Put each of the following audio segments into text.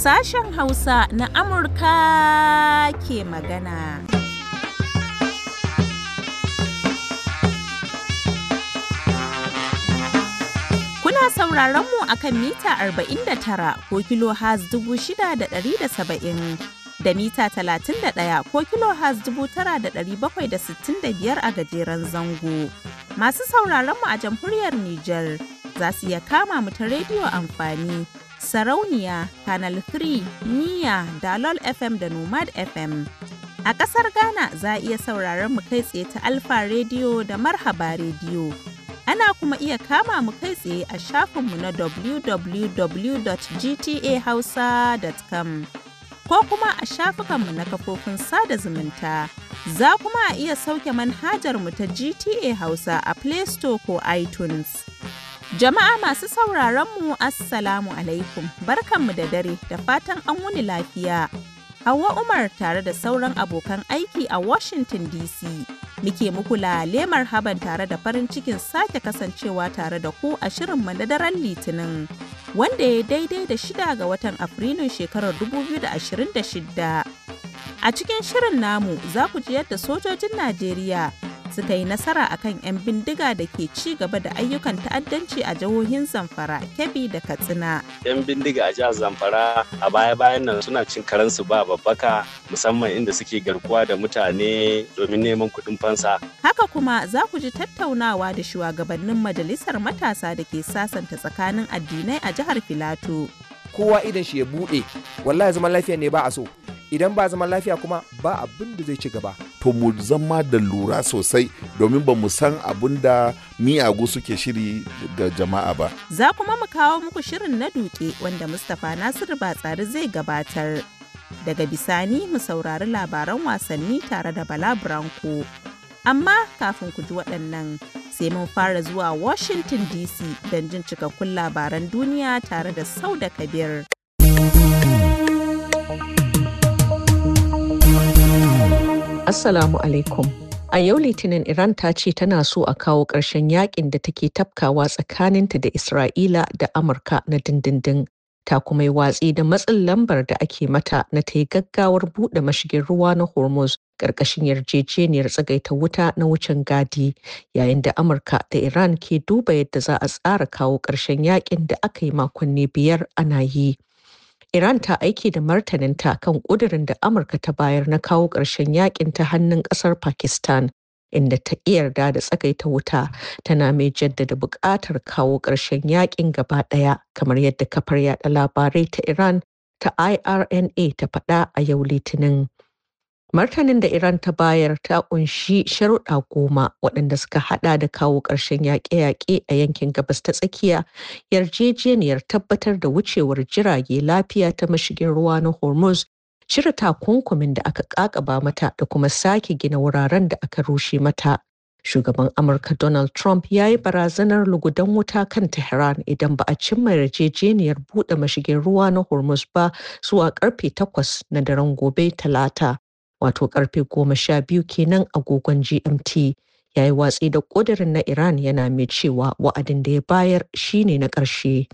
Sashen Hausa na Amurka ke magana. Kuna sauraron mu akan mita 49 ko kilo has 6,170. da mita 31 ko kilohertz 9765 a gajeren zango. Masu sauraron mu a jamhuriyar Nijar za su iya kama mu ta rediyo amfani sarauniya canal 3 niya dalol fm da nomad fm a ƙasar ghana za a iya sauraron mu kai tsaye ta alfa rediyo da marhaba rediyo ana kuma iya kama mu kai tsaye a shafinmu na www.gtahausa.com ko kuma a shafukanmu na kafofin sada zumunta. Za kuma a iya sauke manhajar mu ta GTA Hausa a Play Store ko iTunes. Jama'a masu sauraron mu Assalamu alaikum, barkanmu da dare da fatan an wuni lafiya. Hauwa Umar tare da sauran abokan aiki a Washington DC. Muke muku lemar haban tare da farin cikin sake kasancewa tare da ku a shirin na daren Litinin, wanda ya daidai da shida ga watan Afrilun shekarar 2026. A cikin shirin namu za ku ji yadda sojojin Najeriya suka yi nasara a kan 'yan bindiga da ke ci gaba da ayyukan ta'addanci a jihohin zamfara kebbi da katsina 'yan bindiga a jihar zamfara a baya-bayan nan suna cin karansu ba babbaka musamman inda suke garkuwa da mutane domin neman kuɗin fansa haka kuma za ku ji tattaunawa da shugabannin majalisar matasa da ke sasanta tsakanin addinai a jihar filato kowa idan shi ya buɗe wallahi zaman lafiya ne ba a so idan ba zaman lafiya kuma ba abin da zai ci gaba to mu zama da lura sosai domin ba mu san abun da miyagu suke shiri ga jama'a ba. Za kuma mu kawo muku shirin na duke wanda Mustapha Nasiru ba tsari zai gabatar. Daga bisani mu saurari labaran wasanni tare da Bala Branko. Amma kafin ku ji waɗannan sai mun fara zuwa Washington DC don jin cikakkun labaran duniya tare da Sauda Kabir. Assalamu alaikum. A yau Litinin Iran ta ce tana so a kawo ƙarshen yakin da take tafkawa tsakaninta da Isra'ila da Amurka na dindindin. Ta kuma yi watsi da matsin lambar da ake mata na ta yi gaggawar buɗe mashigin ruwa na Hormuz ƙarƙashin yarjejeniyar tsagaita wuta na wucin gadi yayin da Amurka da Iran ke duba yadda za a tsara kawo ƙarshen yakin da aka yi makonni biyar ana yi. Iran ta aiki da martaninta kan ƙudurin da Amurka ta bayar na kawo ƙarshen yakin ta hannun ƙasar Pakistan. Inda ta ƙi yarda da tsagaita wuta tana mai jaddada buƙatar kawo ƙarshen yakin gaba ɗaya kamar yadda kafar yaɗa labarai ta Iran ta IRNA ta faɗa a yau Litinin. Martanin da Iran ta bayar ta kunshi sharuɗa goma waɗanda suka haɗa da kawo ƙarshen yaƙe-yaƙe a yankin gabas ta tsakiya, yarjejeniyar tabbatar da wucewar jirage lafiya ta mashigin ruwa na Hormuz, cire takunkumin da aka ƙaƙaba mata da kuma sake gina wuraren da aka rushe mata. Shugaban Amurka Donald Trump ya yi barazanar lugudan wuta kan Tehran idan ba a cimma yarjejeniyar buɗe mashigin ruwa na Hormuz ba zuwa ƙarfe takwas na daren gobe talata. wato karfe goma sha biyu kenan agogon gmt ya yi watsi da ƙudurin na iran yana mai cewa wa'adin da ya bayar shine na ƙarshe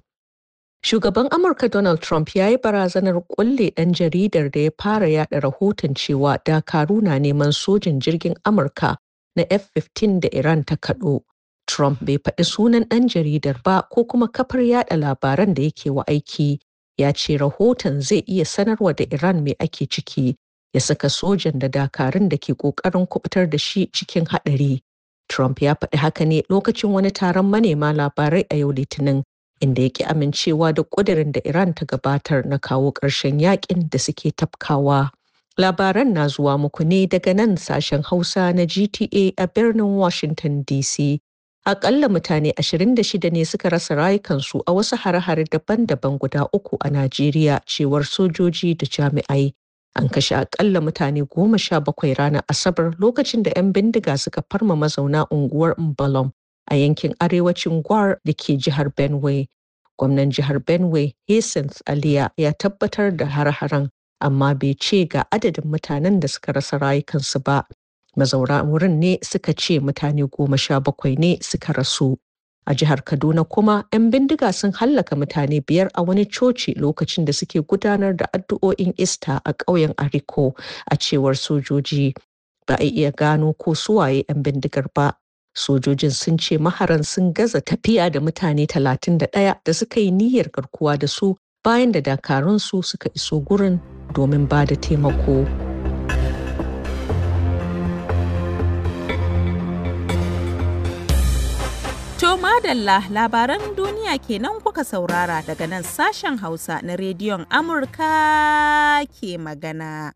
Shugaban Amurka Donald Trump ya yi barazanar ƙulle ɗan jaridar da ya fara yaɗa rahoton cewa Dakaru na neman sojin jirgin Amurka na F-15 da Iran ta kaɗo. Trump bai faɗi sunan ɗan jaridar ba ko kuma kafar yaɗa labaran da yake wa aiki. Ya ce rahoton zai iya sanarwa da Iran mai ake ciki ya saka sojan da dakarun da ke ƙoƙarin kubutar da shi cikin haɗari. Trump ya faɗi haka ne lokacin wani taron manema labarai a yau Litinin, inda ya ƙi amincewa da ƙudurin da Iran ta gabatar na kawo ƙarshen yakin da suke tafkawa. Labaran na zuwa muku ne daga nan sashen Hausa na GTA a birnin Washington DC. Aƙalla mutane 26 ne suka rasa rayukansu a wasu hare-hare daban-daban guda uku a Najeriya cewar sojoji da jami'ai. An kashe akalla mutane goma sha bakwai ranar Asabar lokacin da 'yan bindiga suka farma mazauna unguwar Mbalom a yankin arewacin Gwar da ke jihar Benue. Gwamnan jihar Benue, Hessens Aliya ya tabbatar da har-haren, amma bai ce ga adadin mutanen da suka rasa rayukansu ba. Mazaura wurin ne suka ce mutane goma sha bakwai ne suka rasu. A jihar Kaduna kuma 'yan bindiga sun hallaka mutane biyar a wani coci lokacin da suke gudanar da addu'o'in Ista a ƙauyen Ariko a cewar sojoji. Ba a iya gano ko suwaye 'yan bindigar ba. Sojojin sun ce maharan sun gaza tafiya da mutane talatin da ɗaya da suka yi niyyar garkuwa da su bayan da dakarunsu suka iso gurin domin ba da taimako. yau madalla labaran duniya kenan kuka saurara daga nan sashen Hausa na rediyon Amurka ke magana.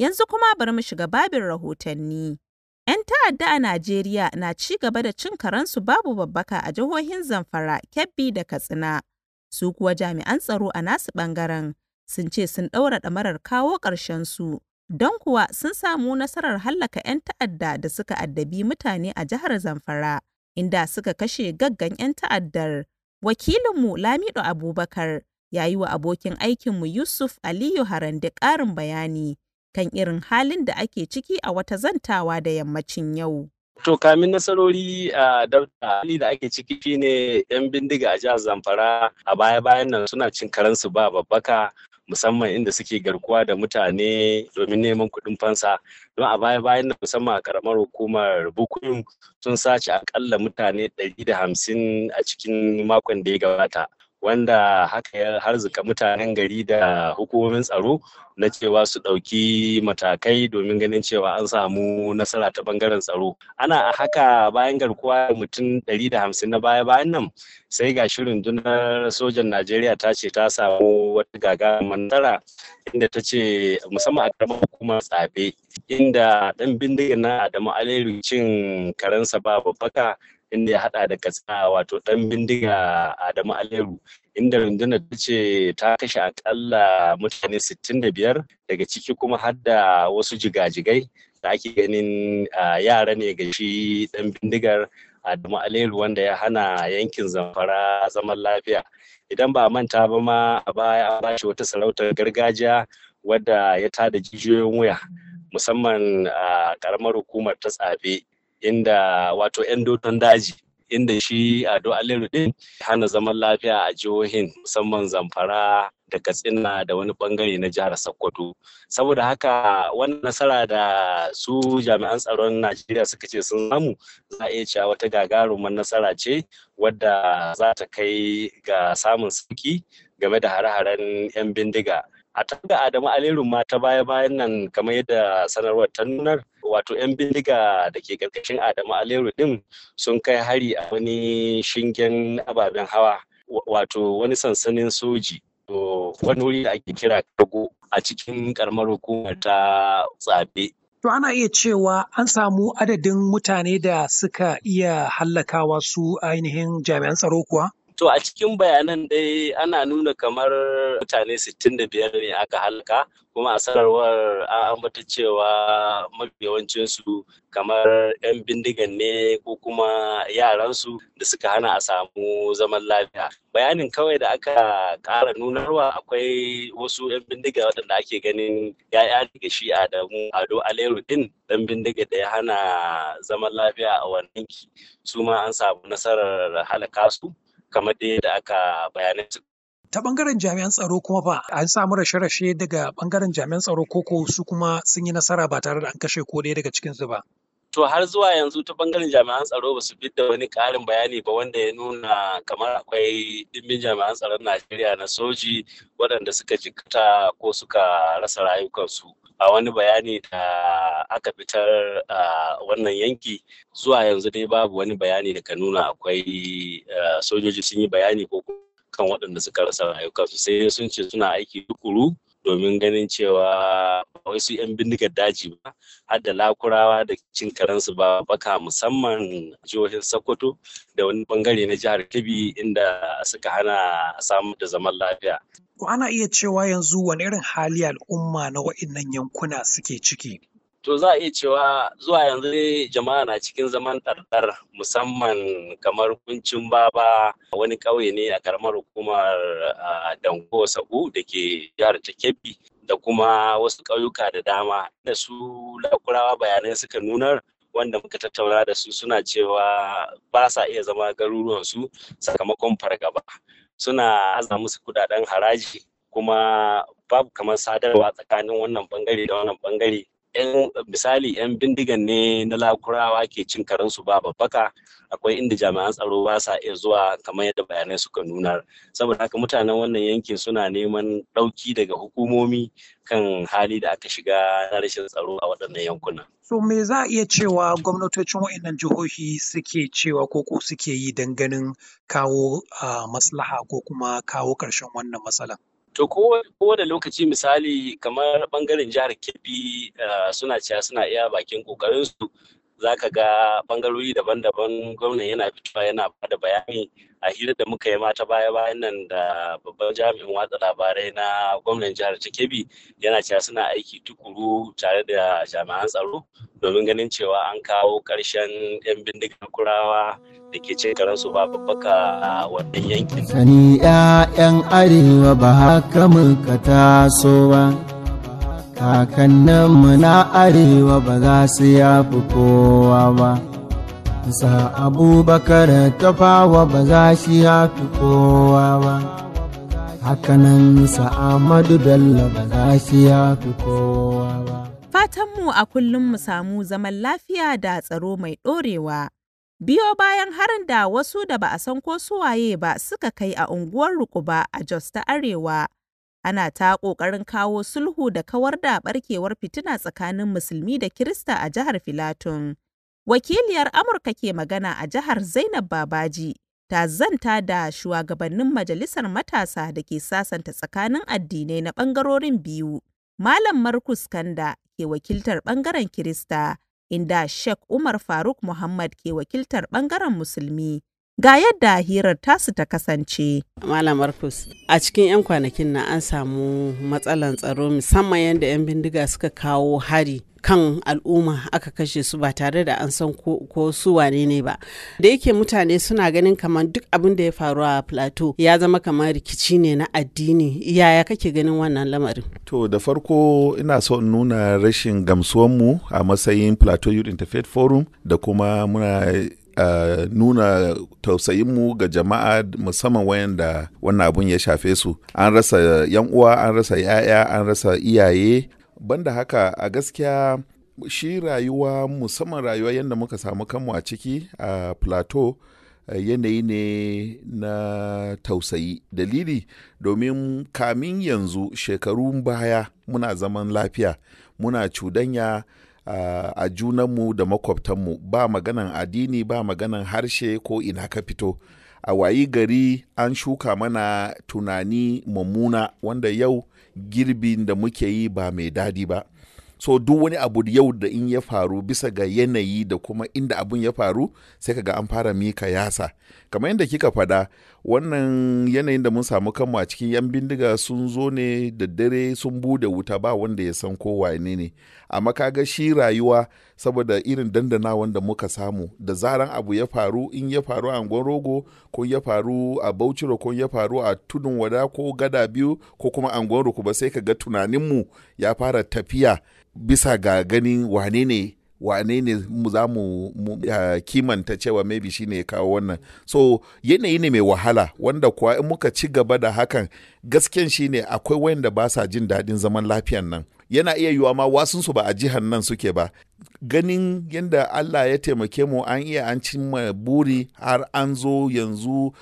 Yanzu kuma bari mu shiga babin rahotanni. 'Yan ta'adda a Najeriya na ci gaba da cin karensu babu babbaka a jihohin Zamfara, Kebbi da Katsina. Su kuwa jami'an tsaro a nasu bangaren sun ce sun ɗaura ɗamarar kawo su don kuwa sun samu nasarar hallaka 'yan ta'adda da suka addabi mutane a jihar Zamfara inda suka kashe gaggan 'yan ta'addar. Wakilinmu Lamido Abubakar ya yi wa abokin aikinmu Yusuf Aliyu Harande ƙarin bayani kan irin halin da ake ciki a wata zantawa da yammacin yau. To kamin nasarori a da ake ciki shine yan bindiga a jihar Zamfara a baya-bayan nan suna cin karansu ba babbaka musamman inda suke garkuwa da mutane domin neman kuɗin fansa don a baya bayan da musamman a karamar hukumar bukuyun sun sace akalla mutane 150 a cikin makon da ya gabata wanda haka ya harzuka mutanen gari da hukumomin tsaro na cewa su ɗauki matakai domin ganin cewa an samu nasara ta bangaren tsaro ana a haka bayan garkuwa mutum 150 na baya bayan nan sai ga shirin dunar sojan najeriya ta ce ta samu wata gagarumar nasara inda ta ce musamman a karamar hukumar tsabe inda ɗan bindiga na adamu alheri cin karensa ba babbaka inda ya hada da katsina wato dan bindiga Adamu Aleru inda rundunar ta ce ta kashe akalla mutane 65 daga ciki kuma har da wasu jigajigai da ake ganin yara ne ga shi dan bindigar Adamu Aleru wanda ya hana yankin zamfara zaman lafiya idan ba manta ba ma a baya an bashi wata sarautar gargajiya wadda ya tada jijiyoyin wuya musamman a karamar hukumar ta tsafe inda wato 'yan doton daji inda shi ado aliru din hana zaman lafiya a jihohin musamman zamfara da katsina da wani bangare na jihar sokoto saboda haka wani nasara da su jami'an tsaron najeriya suka ce sun samu za a iya cewa wata gagarumar nasara ce wadda za ta kai ga samun sauki game da hare-haren 'yan bindiga a da adamu alerun ma ta baya bayan nan kamar yadda sanarwar ta nunar wato 'yan bindiga da ke karkashin adamu aleru din sun kai hari a wani shingen ababen hawa wato wani sansanin soji wani wuri da ake kira kago a cikin karamar hukumar ta tsabe To ana iya cewa an samu adadin mutane da suka iya hallakawa su ainihin jami'an tsaro kuwa? To a cikin bayanan dai ana nuna kamar mutane 65 ne aka halka kuma a sararwar an ambata cewa mafi yawancinsu kamar 'yan bindigan ne ko kuma yaransu da suka hana a samu zaman lafiya. Bayanin kawai da aka ƙara nunarwa akwai wasu 'yan bindiga waɗanda ake ganin ya'ya daga shi Adamu Ado Aleru ɗin ɗan bindiga da ya hana zaman lafiya a wannan su ma an samu nasarar halaka su. kamar da yadda aka bayanin su ta bangaren jami'an tsaro kuma ba an samu rashe-rashe daga bangaren jami'an tsaro koko su kuma sun yi nasara ba tare da an kashe ko ɗaya daga cikinsu ba to har zuwa yanzu ta bangaren jami'an tsaro ba su da wani ƙarin bayani ba wanda ya nuna kamar akwai dimbin jami'an tsaron najeriya na soji waɗanda suka jikata ko suka rasa rayukansu a wani bayani da aka fitar a wannan yanki zuwa yanzu dai babu wani bayani da ka nuna akwai sojoji sun yi bayani ko kan waɗanda suka rasa rayukansu sai sun ce suna aiki tukuru domin ganin cewa ba su 'yan bindigar daji ba har da lakurawa da cin karansu ba baka musamman jihohin sokoto da wani bangare na jihar kebbi inda suka hana samar da zaman lafiya ana iya cewa yanzu wani irin hali al'umma na wa'innan yankuna suke ciki to za a iya cewa zuwa yanzu jama'a na cikin zaman ɗarɗar musamman kamar kuncin baba wani ƙauye ne a karamar hukumar dango sa'u da ke jihar kebbi da kuma wasu ƙauyuka da dama da su lakurawa bayanai suka nunar wanda muka tattauna da su suna cewa ba sa iya zama garuruwansu sakamakon fargaba suna aza musu kudaden haraji kuma babu kamar sadarwa tsakanin wannan bangare da wannan bangare yan misali yan bindigan ne na lakurawa ke cin karensu ba babbaka akwai inda jami'an tsaro ba sa iya zuwa kamar yadda bayanai suka nuna saboda haka mutanen wannan yankin suna neman ɗauki daga hukumomi kan hali da aka shiga na rashin tsaro a waɗannan yankunan. so me za a iya cewa gwamnatocin waɗannan jihohi suke cewa ko ko suke yi don ganin kawo ah, maslaha ko kuma kawo ƙarshen wannan matsalan. to da lokaci misali kamar bangaren jihar kebbi eh, suna cewa suna iya bakin kokarinsu za ka ga bangarori daban-daban gwamnan yana fitowa yana bada bayani a hira da muka yi mata baya bayan nan da babban jami'in watsa labarai na gwamnan jihar ta kebbi yana cewa suna aiki tukuru tare da jami'an tsaro domin ganin cewa an kawo ƙarshen 'yan bindigar kurawa da ke cin su ba babbaka a wannan yankin. sani ƴaƴan arewa ba haka muka taso ba kakanninmu na arewa ba za su yafi kowa ba. isa abubakar tafawa ba za shi ya fi kowa ba hakanan Amadu bello ba za shi ya fi kowa ba fatanmu a kullum mu samu zaman lafiya da tsaro mai ɗorewa biyo bayan harin da wasu da ba a san ko suwaye ba suka kai a unguwar ba a jos ta arewa ana ta ƙoƙarin kawo sulhu da kawar da ɓarkewar fitina tsakanin musulmi da kirista a jihar filatun Wakiliyar Amurka ke magana a jihar Zainab Babaji ta zanta da shugabannin Majalisar Matasa da ke sasanta tsakanin addinai na ɓangarorin biyu. Malam Markus Kanda ke wakiltar bangaren Kirista, inda Sheikh Umar Faruk Muhammad ke wakiltar ɓangaren Musulmi. Ga yadda hirar tasu ta kasance. Malam Marcus, a cikin 'yan kwanakin na an samu matsalan tsaro musamman yadda 'yan bindiga suka kawo hari kan al'umma aka kashe su ba tare da an san ko, su wane ne ba da yake mutane suna ganin kamar duk abin da ya faru a plateau ya zama kamar rikici ne na addini yaya kake ganin wannan lamarin to da farko ina so nuna rashin gamsuwanmu a matsayin plateau youth interfaith forum da kuma muna nuna tausayinmu ga jama'a musamman da wannan abun ya shafe su an rasa yan uwa an rasa yaya an rasa iyaye banda haka a gaskiya shi rayuwa musamman rayuwa yadda muka samu kanmu a ciki a plateau yanayi ne na tausayi dalili domin kamin yanzu shekarun baya muna zaman lafiya muna cudanya a junanmu da makwabtanmu ba maganan addini ba maganan harshe ko ina ka fito a wayi gari an shuka mana tunani mummuna wanda yau girbin da muke yi ba mai dadi ba so duk wani abu yau da in ya faru bisa ga yanayi da kuma inda abun ya faru sai ka ga an fara mika yasa kamar yadda kika faɗa wannan yanayin da mun samu kanmu a cikin yan bindiga sun zo ne da dare sun bude wuta ba wanda ya san ko wane ne amma kaga shi rayuwa saboda irin dandanawan da muka samu da zaran abu ya faru in ya faru a angon rogo ko ya faru a bauchiro ko ya faru a tudun wada ko gada biyu ko kuma angon ruku ba sai ka ga tunaninmu ya fara tafiya bisa ga ganin wane ne wane ne za mu kimanta cewa maybe shi ne ya kawo wannan so yanayi ne mai wahala wanda kuwa in muka ci gaba da hakan gasken shi ne akwai wayanda ba sa jin daɗin zaman lafiyan nan yana iya yiwa ma wasunsu ba a jihar nan suke ba ganin yadda allah ya taimake mu an iya an cimma buri har an zo yanzu uh,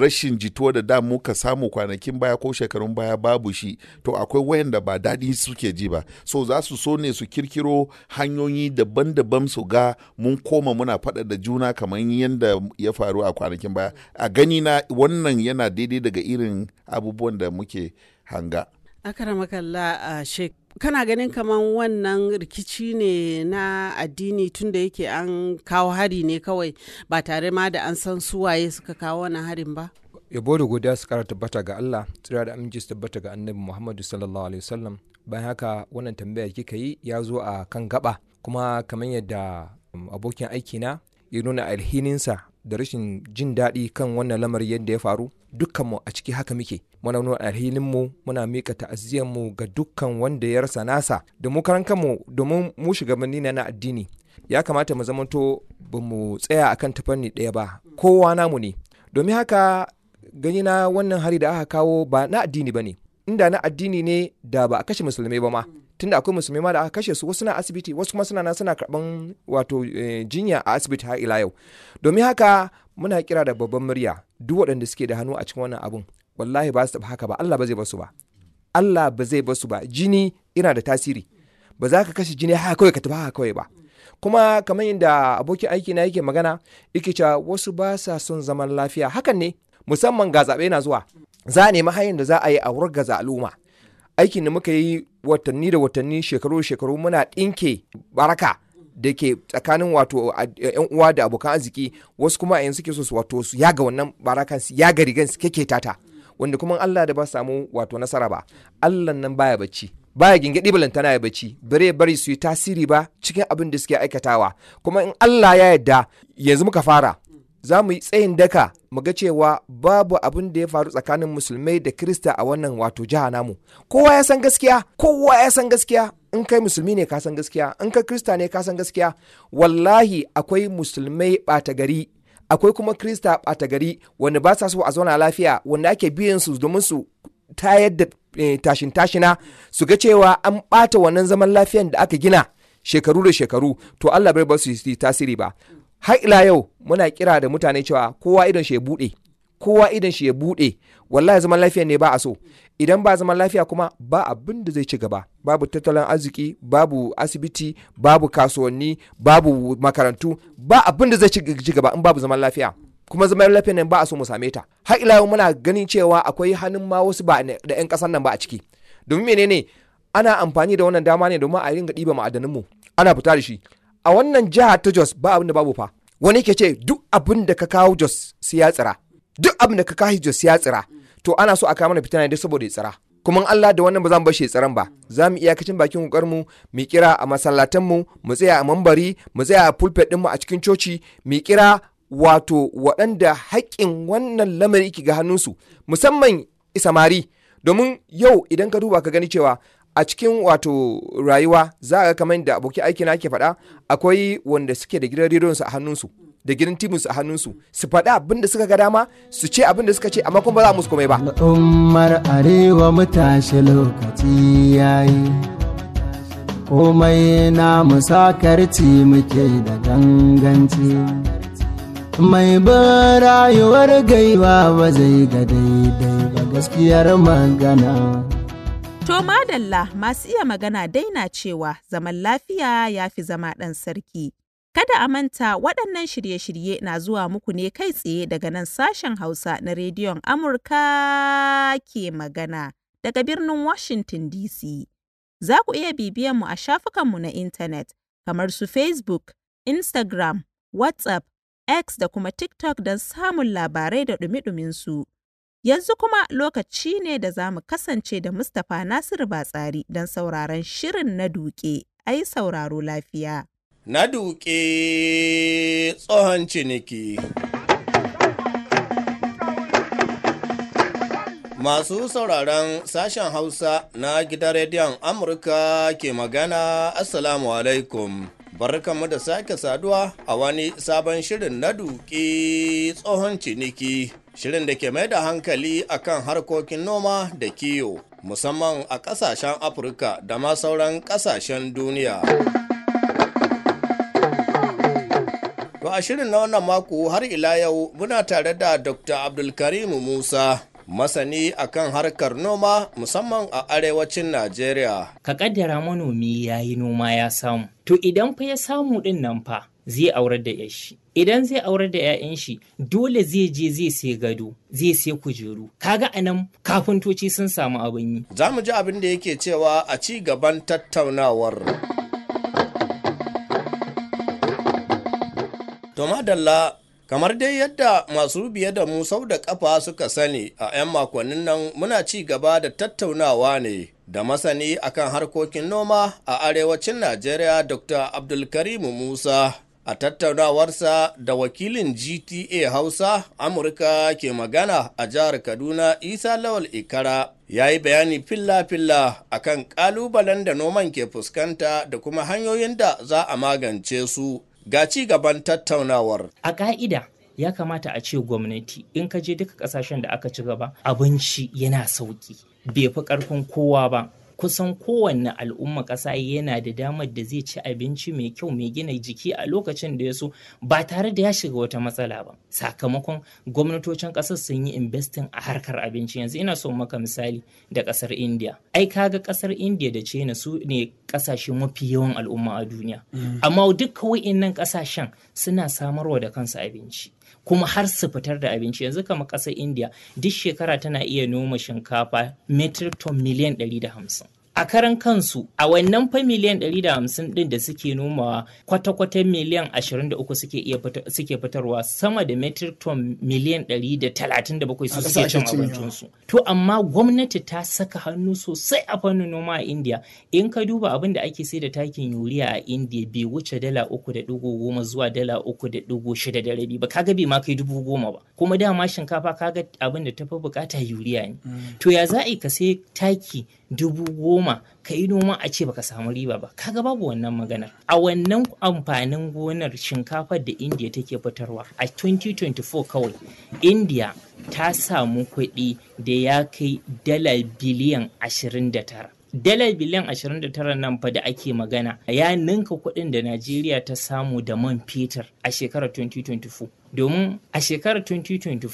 rashin jituwa da da muka samu kwanakin baya ko shekarun baya babu shi to akwai wayanda ba daɗi suke ji ba so za su so ne su kirkiro hanyoyi daban-daban su ga mun koma muna faɗa da juna kamar yadda ya faru a kwanakin baya a gani na wannan yana daidai daga irin abubuwan da muke hanga akaramakalla a uh, shek kana ganin kamar wannan rikici ne na addini tun da yake an kawo hari ne kawai ba tare ma da an san suwaye suka kawo wannan harin ba yabo da godiya su kara tabbata ga Allah tsira da aminci su tabbata ga annabi Muhammadu sallallahu alaihi wasallam bayan haka wannan tambaya kika yi ya zo a kan gaba kuma kamar yadda um, abokin aikina ya nuna alhininsa da rashin jin daɗi kan wannan lamari yadda ya faru dukkanmu a ciki haka muke muna nuna alhininmu muna mika mu ga dukkan wanda ya rasa nasa da mu karan kanmu domin mu shugabanni na addini ya kamata mu zamanto ba mu tsaya akan tafarni ɗaya ba kowa namu ne domin haka gani na wannan hari da aka kawo ba na addini ba ne inda na addini ne da ba a kashe musulmai ba ma tunda akwai musulmai ma da aka kashe su wasu na asibiti wasu kuma suna nan suna karban wato eh, jinya a asibiti har ila yau domin haka muna kira da babban murya duk waɗanda suke da hannu a cikin wannan abun wallahi ba su taɓa haka ba Allah ba zai basu ba Allah ba zai basu ba jini yana da tasiri ba za ka kashe jini haka kawai ka tafi haka kawai ba kuma kamar yadda abokin aiki na yake magana yake cewa wasu ba sa son zaman lafiya hakan ne musamman ga zaɓe na zuwa za a nemi hanyar da za a yi a wurga al'umma aikin da muka yi watanni da watanni shekaru da shekaru muna ɗinke baraka da ke tsakanin wato yan uwa da abokan arziki wasu kuma a yanzu suke so su wato su yaga wannan barakan su yaga rigan su keke tata wanda kuma Allah da ba samu wato nasara ba Allah nan baya bacci baya ba balantana ya bacci bare bari su yi tasiri ba cikin abin da suke aikatawa kuma in Allah ya yarda yanzu muka fara za mu yi tsayin daka mu ga cewa babu abin da ya faru tsakanin musulmai da krista a wannan wato jiha namu kowa ya san gaskiya kowa ya san gaskiya in kai musulmi ne ka san gaskiya in kai krista ne ka san gaskiya wallahi akwai musulmai ɓata gari akwai kuma krista ɓata gari wanda ba sa so a zauna lafiya wanda ake biyan su domin su ta yadda eh, tashin tashina su ga cewa an ɓata wannan zaman lafiyan da aka gina shekaru da shekaru to Allah bai ba su yi tasiri ba har ila yau muna kira da mutane cewa kowa idon shi ya buɗe kowa idan shi ya buɗe wallahi zaman lafiya ne ba a so idan ba zaman lafiya kuma ba abin da zai ci gaba babu tattalin arziki babu asibiti babu kasuwanni babu makarantu ba abin da zai ci gaba in babu zaman lafiya kuma zaman lafiya nan ba a so mu same ta har ila yau muna ganin cewa akwai hannun ma wasu ba da yan kasar nan ba a ciki domin menene ana amfani da wannan dama ne domin a ringa ɗiba ma'adanin mu ana fita da shi a wannan jiha ta Jos ba abin da babu fa wani ke ce duk abin da ka kawo Jos sai ya tsira duk abin da ka kawo Jos ya tsira to ana so a kawo mana fitina ne saboda ya tsira kuma Allah da wannan ba zan bashi tsaron ba za mu iya kacin bakin kokar mu mu kira a masallatan mu mu tsaya a mambari mu tsaya a pulpit din mu a cikin coci mu kira wato waɗanda haƙƙin wannan lamari ke ga hannunsu musamman isamari domin yau idan ka duba ka gani cewa a cikin wato rayuwa za ga kamar da aboki aiki na ke faɗa akwai wanda suke da gidan rediyonsu a hannunsu da gidan timinsu a hannunsu su faɗa abin da suka ga dama su ce abin da suka ce amma kuma ba za musu komai ba al'ummar arewa mu tashi lokaci yayi komai na musakarci muke da ganganci mai ban rayuwar gaiwa ba zai ga daidai ba gaskiyar magana To madalla masu iya magana daina cewa zaman lafiya ya fi zama ɗan sarki. Kada a manta waɗannan shirye-shirye na zuwa muku ne kai tsaye daga nan sashen Hausa na rediyon Amurka ke magana daga birnin Washington DC. Za ku iya bibiyan mu a shafukanmu na intanet kamar su Facebook, Instagram, WhatsApp, X da kuma TikTok don samun labarai da ɗumi-ɗuminsu. Yanzu kuma lokaci ne da za mu kasance da Mustapha Nasiru Batsari don sauraron shirin na duke, ai sauraro lafiya. Na duke tsohon ciniki. Masu sauraron sashen Hausa na gidan rediyon Amurka ke magana, Assalamu alaikum. barkanmu da sake saduwa a wani sabon shirin na duki tsohon ciniki shirin da ke mai da hankali akan harkokin noma da kiyo musamman a kasashen afirka da ma sauran kasashen duniya to a shirin na wannan mako har ila yau muna tare da dr abdulkarim musa masani a kan harkar noma musamman a arewacin Najeriya. Ka kaddara manomi ya yi noma ya samu. To idan fa ya samu din nan fa zai aurar da yashi. Idan zai aurar da 'ya'yan shi dole zai je zai sai gado, zai sai kujeru. Kaga anan kafintoci sun samu abin yi. Za mu ji abin da yake cewa a ci gaban tattaunawar. To madalla kamar dai yadda masu biye da mu sau da kafa suka sani a 'yan makonnin nan muna ci gaba da tattaunawa ne da masani akan harkokin noma a arewacin najeriya dr Abdulkarim musa a tattaunawarsa da wakilin gta hausa amurka ke magana a jihar kaduna isa lawal ikara ya yi bayani filla-filla akan kalubalen da noman ke fuskanta da kuma hanyoyin da za a magance su Ga ci gaban tattaunawar. A ka'ida ya kamata a ce gwamnati in ka je duka kasashen da aka ci gaba abinci yana sauki bai fi ƙarfin kowa ba kusan kowanne al'umma ƙasa yana da damar da zai ci abinci mai kyau mai gina jiki a lokacin da ya so ba tare da ya shiga wata matsala ba sakamakon gwamnatocin ƙasar sun yi investin a harkar abinci yanzu ina so maka misali da ƙasar india ai kaga ƙasar india da china su ne ƙasashe mafi yawan al'umma a duniya mm. amma duk wa'innan ƙasashen suna samarwa da kansu abinci kuma har su fitar da abinci yanzu kamar ƙasar indiya duk shekara tana iya noma shinkafa metric ton miliyan 150 a karan kansu a wannan fa miliyan 150 din da suke nomawa kwata-kwata miliyan 23 suke iya suke fitarwa sama da metric ton miliyan 137 su suke cin abincinsu to amma gwamnati ta saka hannu sosai a fannin noma a India in ka duba abin da ake sai da takin yuriya a India bai wuce dala 3.10 zuwa dala 3.6 da rabi ba kaga bai ma kai dubu goma ba kuma dama shinkafa kaga abin da tafi bukata yuriya ne mm. to ya za a yi ka sai taki dubu goma ka yi noma a ce baka samu riba ba kaga babu wannan maganar. a wannan amfanin gonar shinkafar da india take fitarwa a 2024 kawai india ta samu kuɗi da ya kai dala biliyan 29 dala biliyan 29 nan fa da ake magana ya ninka kuɗin da najeriya ta samu da man fetur a shekarar 2024 domin a shekarar 2024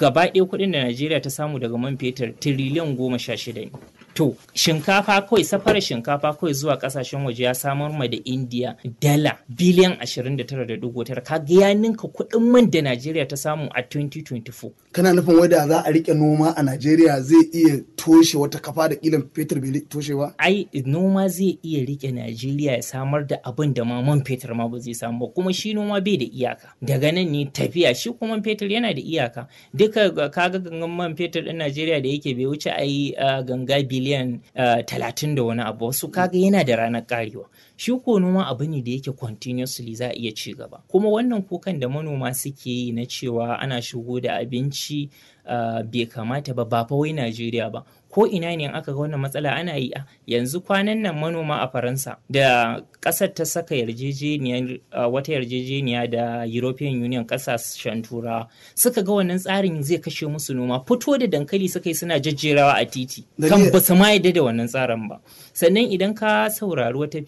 gaba ɗaya kuɗin da najeriya ta samu daga man fetur tiriliyan goma sha shida ne to shinkafa kawai safarar shinkafa kawai zuwa kasashen waje ya samar ma da indiya dala biliyan 29.9 ga ya ninka kuɗin man da najeriya ta samu a 2024 kana nufin wadda za a rike noma a najeriya zai iya toshe wata kafa da ilan fetur bai toshe ba ai noma zai iya rike najeriya ya samar da abin da ma man fetur ma ba zai samu ba kuma shi noma bai da iyaka daga nan ne tafiya shi kuma fetur yana da iyaka duka kaga gangan man fetur ɗin najeriya da yake bai wuce yi ganga biliyan miliyan eh, talatin da wani abu wasu kaga yana da ranar karewa shi ko noma abu ne da yake continuously za a iya ci gaba kuma wannan kukan da manoma suke yi na cewa ana shigo da abinci eh, bai kamata ba ba fa wai Najeriya ba ko ina ne aka ga wannan matsala ana yi a yanzu kwanan nan manoma a faransa da ƙasar ta saka yarjejeniyar wata yarjejeniya da european union ƙasashen turawa suka ga wannan tsarin zai kashe musu noma fito da dankali suka yi suna jajjerawa a titi kan ba su ma yadda da wannan tsarin ba sannan idan ka saurari wata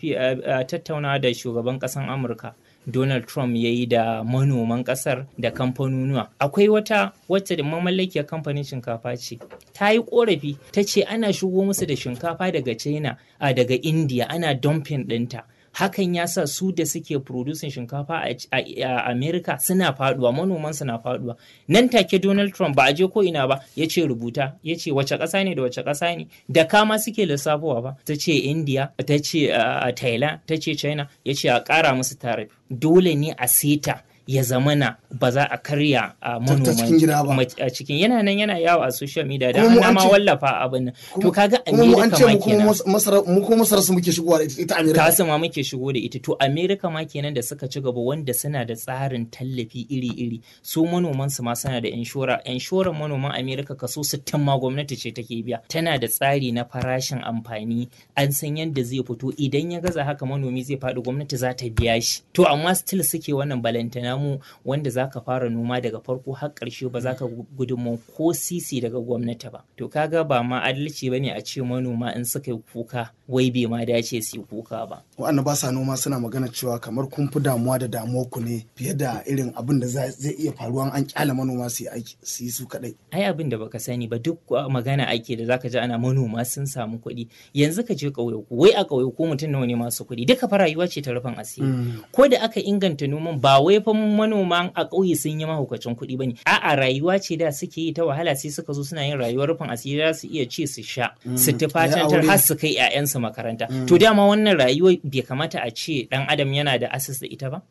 tattaunawa da shugaban ƙasan amurka Donald Trump ya yi da manoman ƙasar da kamfanunuwa. Akwai wata wacce da mamallakiyar kamfanin shinkafa ce. Ta yi ƙorafi ta ce ana shigo musu da shinkafa daga China a daga India ana dumping ɗinta. hakan ya sa su da suke producing shinkafa a america suna faduwa manoman na faduwa nan take donald trump ba a je ko ina ba ya ce rubuta ya ce wace kasa ne da wace kasa ne da kama suke lissafowa ba ta ce india ta ce thailand ta ce china ya ce a kara musu tarif dole ne a seta ya zamana ba za a karya a manoman cikin yana nan yana yawo a social media da ana ma wallafa abin nan to kaga amerika ma kenan mu ko masar su muke shigowa da ita america kasu ma muke shigo da ita to amerika ma kenan da suka ci gaba wanda suna da tsarin tallafi iri iri su manoman su ma suna da inshora inshoran manoman america kaso 60 ma gwamnati ce take biya tana da tsari na farashin amfani an san yadda zai fito idan ya gaza haka manomi zai faɗi gwamnati za ta biya shi to amma still suke wannan balantana namu wanda za ka fara noma daga farko har ƙarshe ba za ka gudunmu ko sisi daga gwamnati ba to kaga ba ma adalci ba ne a ce manoma in suka yi kuka wai bai ma dace su yi kuka ba wa'anda ba sa noma suna magana cewa kamar kun fi damuwa da damuwa ku ne fiye da irin abin da zai iya faruwa an kyala manoma su yi su kadai ai abin da baka sani ba duk magana ake da zaka ji ana manoma sun samu kuɗi yanzu ka je ƙauye wai a ƙauye ko mutum nawa ne masu kuɗi duka fa rayuwa ce ta rufin asiri mm. ko da aka inganta noman ba wai fa manoman a ƙauye sun yi mahaukacin kuɗi ne a'a rayuwa ce da suke yi ta wahala sai suka zo suna yin rayuwar rufin asiri za su iya ci su sha mm, su tufatantar har su kai 'ya'yansu makaranta mm. to dama wannan rayuwa bai kamata a ce dan adam yana da asis da ita ba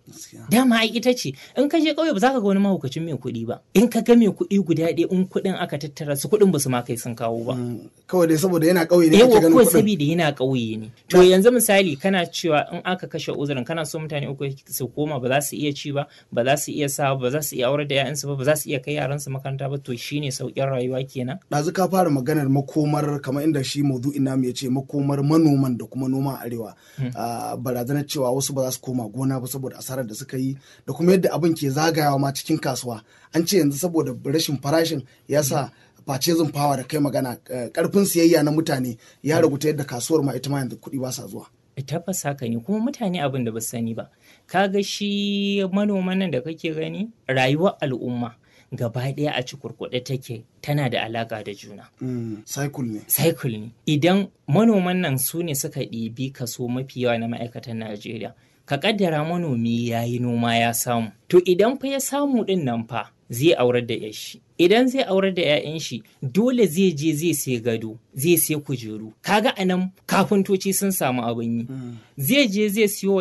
dama ai ita ce in ka je ƙauye ba za ka ga wani mahaukacin mai kuɗi ba in ka ga mai kuɗi guda ɗaya in kuɗin aka tattara su kuɗin ba su ma kai sun kawo ba mm, kawai dai saboda yana ƙauye ne yawa kawai saboda yana ƙauye ne to yanzu misali kana cewa in aka kashe uzurin kana so mutane uku su koma ba za su iya ci ba ba za su iya sa ba za su iya aure da ya'yansu ba ba za su iya kai yaransu makaranta ba to shine sauƙin rayuwa kenan dazu ka fara maganar makomar kamar inda shi na ina ya ce makomar manoman da kuma noma arewa hmm. barazanar cewa wasu ba za su koma gona ba saboda asarar da suka yi da kuma yadda abin ke zagayawa ma cikin kasuwa an ce yanzu saboda rashin farashin ya sa purchasing hmm. power da kai magana karfin eh, siyayya na mutane ya hmm. ragu ta yadda kasuwar ma ita ma yanzu kuɗi ba sa zuwa tabbas haka ne kuma mutane abin da ba sani ba kaga shi manoman nan da kake gani rayuwar al'umma gaba ɗaya a cikurkuɗe take tana da alaƙa da juna. Mm, cycle ne. Cycle ne. Idan manoman nan su ne suka ɗibi kaso mafi yawa na ma'aikatan Najeriya, ka ƙaddara manomi ya yi noma ya samu. To idan fa ya samu ɗin nan fa zai aurar da yashi. idan zai aurar da 'ya'yan shi dole zai je zai sai gado zai sai kujeru kaga anan kafintoci sun samu abin yi mm. zai je zai siyo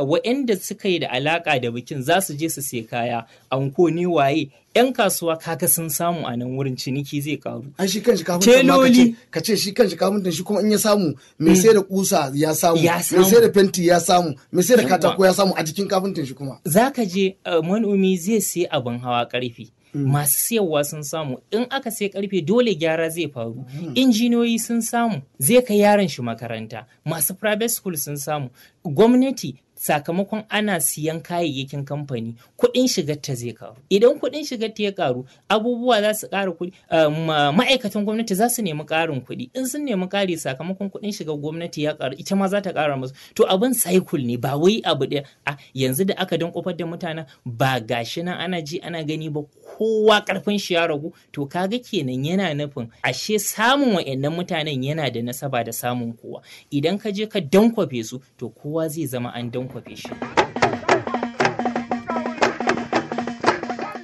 wa'anda suka yi da alaka da bikin za su je su sai kaya anko ne waye yan kasuwa kaga sun samu a nan wurin ciniki zai karu an shi kanshi kafin ma ka ce shi kanshi kafin shi kuma in ya samu mai mm. sai da kusa ya samu mai sai da fenti ya samu mai sai da katako ya samu a jikin kafin shi kuma zaka je eh, manomi zai sai abin hawa karfi Mm. masu siyarwa sun samu in aka sai karfe dole gyara zai faru mm. injiniyoyi sun samu zai kai yaron shi makaranta masu private school sun samu gwamnati sakamakon ana siyan kayayyakin kamfani kuɗin shigar ta zai karu idan kuɗin shigar ta ya karu abubuwa za su ƙara kuɗi um, ma'aikatan gwamnati za su nemi ƙarin kuɗi in sun nemi ƙari sakamakon kuɗin shigar gwamnati ya karu ita ma za ta ƙara musu to abin cycle ne ba wai abu ɗaya a yanzu da aka don kofar da mutanen ba gashi nan ana ji ana gani ba kowa ƙarfin shi ya ragu to kaga kenan yana nufin ashe samun wa'annan mutanen yana da nasaba da samun kowa idan ka je ka dankwafe su to kowa zai zama an dankwafe domin kwafe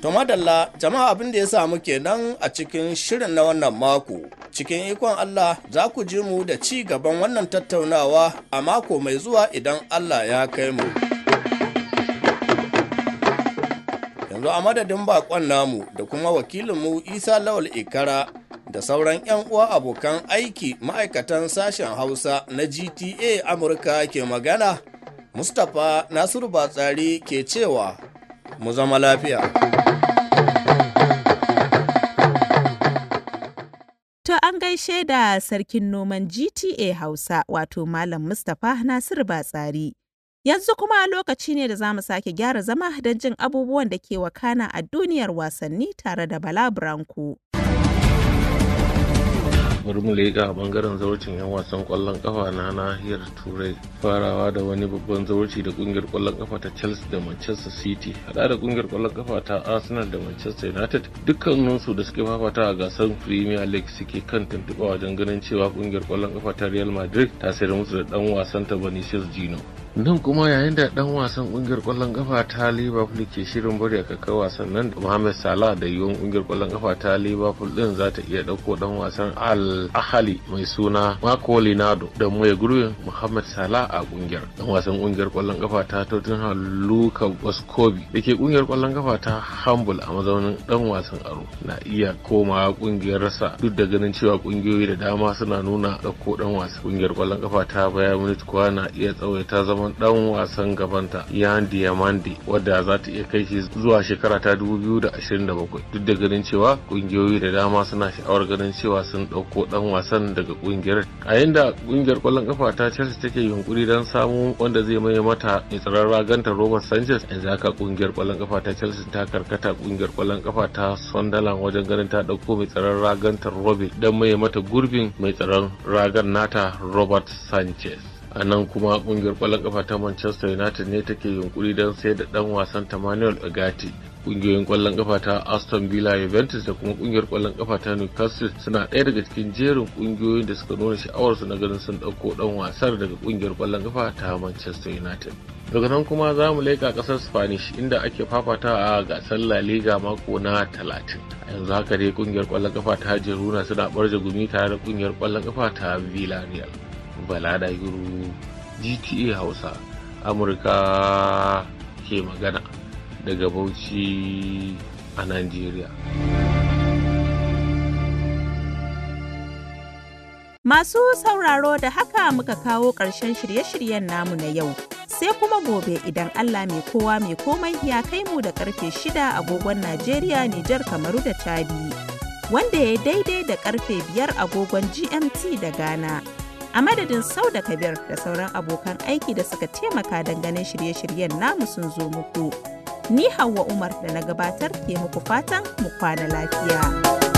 to madalla jama'a abin da ya samu kenan a cikin shirin na wannan mako cikin ikon Allah za ku ji mu da ci gaban wannan tattaunawa a mako mai zuwa idan Allah ya kai mu. Yanzu a madadin bakon namu da kuma wakilinmu Isa Lawal Ikara da sauran 'yan uwa abokan aiki ma'aikatan sashen Hausa na GTA Amurka ke magana mustapha nasiru batsari ke cewa mu zama lafiya To an gaishe da sarkin noman GTA Hausa wato Malam Mustapha Nasiru Batsari. Yanzu kuma lokaci ne da za mu sake gyara zama don jin abubuwan da ke wakana a duniyar wasanni tare da Bala Branko. bari mu a bangaren zaurucin 'yan wasan kwallon kafa na nahiyar turai farawa da wani babban zaurci da ƙungiyar kwallon kafa ta chelsea da manchester city hada da ƙungiyar kwallon kafa ta arsenal da manchester united dukkaninsu da suke fafata a gasar premier league suke kan tuntuɓa wajen ganin cewa ƙungiyar kwallon kafa ta real madrid ta sayar musu da ɗan wasan ta vinicius jino. nan kuma yayin da dan wasan kungiyar kwallon kafa ta liverpool ke shirin bari a kakar wasan nan da mohamed salah da yiwuwar kungiyar kwallon kafa ta liverpool din za ta iya dauko dan wasan al ahali mai suna marco linado da mai gurbin mohamed salah a kungiyar dan wasan kungiyar kwallon kafa ta tottenham luka boskobi. da ke kungiyar kwallon kafa ta hambul a mazaunin dan wasan aro na iya komawa kungiyarsa duk da ganin cewa kungiyoyi da dama suna nuna dauko dan wasan kungiyar kwallon kafa ta bayan munich kuwa na iya tsawaita zama samu dan wasan gabanta Yan Diamande wadda za ta iya kai shi zuwa shekara ta 2027 duk da ganin cewa kungiyoyi da dama suna sha'awar ganin cewa sun dauko dan wasan daga kungiyar a yanda kungiyar kwallon kafa ta Chelsea take yunkuri don samu wanda zai mai mata mai tsaron raganta Robert Sanchez yanzu haka kungiyar kwallon kafa ta Chelsea ta karkata kungiyar kwallon kafa ta Sunderland wajen ganin ta dauko mai tsaron ragantar Robert don mai mata gurbin mai tsaron ragan nata Robert Sanchez a nan kuma kungiyar kwallon kafa ta manchester united ne take yunkuri don sai da dan wasan tamaniyar agati kungiyoyin kwallon kafa ta aston villa juventus da kuma kungiyar kwallon kafa ta newcastle suna ɗaya daga cikin jerin kungiyoyin da suka nuna sha'awarsu na ganin sun ɗauko ɗan wasar daga kungiyar kwallon kafa ta manchester united daga nan kuma za mu leƙa ƙasar spanish inda ake fafata a gasar la liga mako na talatin a yanzu haka dai kungiyar kwallon kafa ta jeruna suna ɓarje gumi tare da kungiyar kwallon kafa ta villarreal bala da gta hausa amurka ke magana daga bauchi a nigeria Masu sauraro da haka muka kawo ƙarshen shirye-shiryen namu na yau. Sai kuma gobe idan Allah mai kowa mai komai ya kai mu da karfe shida agogon Najeriya, Nijar, Kamaru da Tabi, Wanda ya daidai da karfe biyar agogon GMT da Ghana. a madadin sau da kabir da sauran abokan aiki da suka taimaka ganin shirye-shiryen namu sun zo muku ni hawa umar da na gabatar ke muku fatan mu kwana lafiya.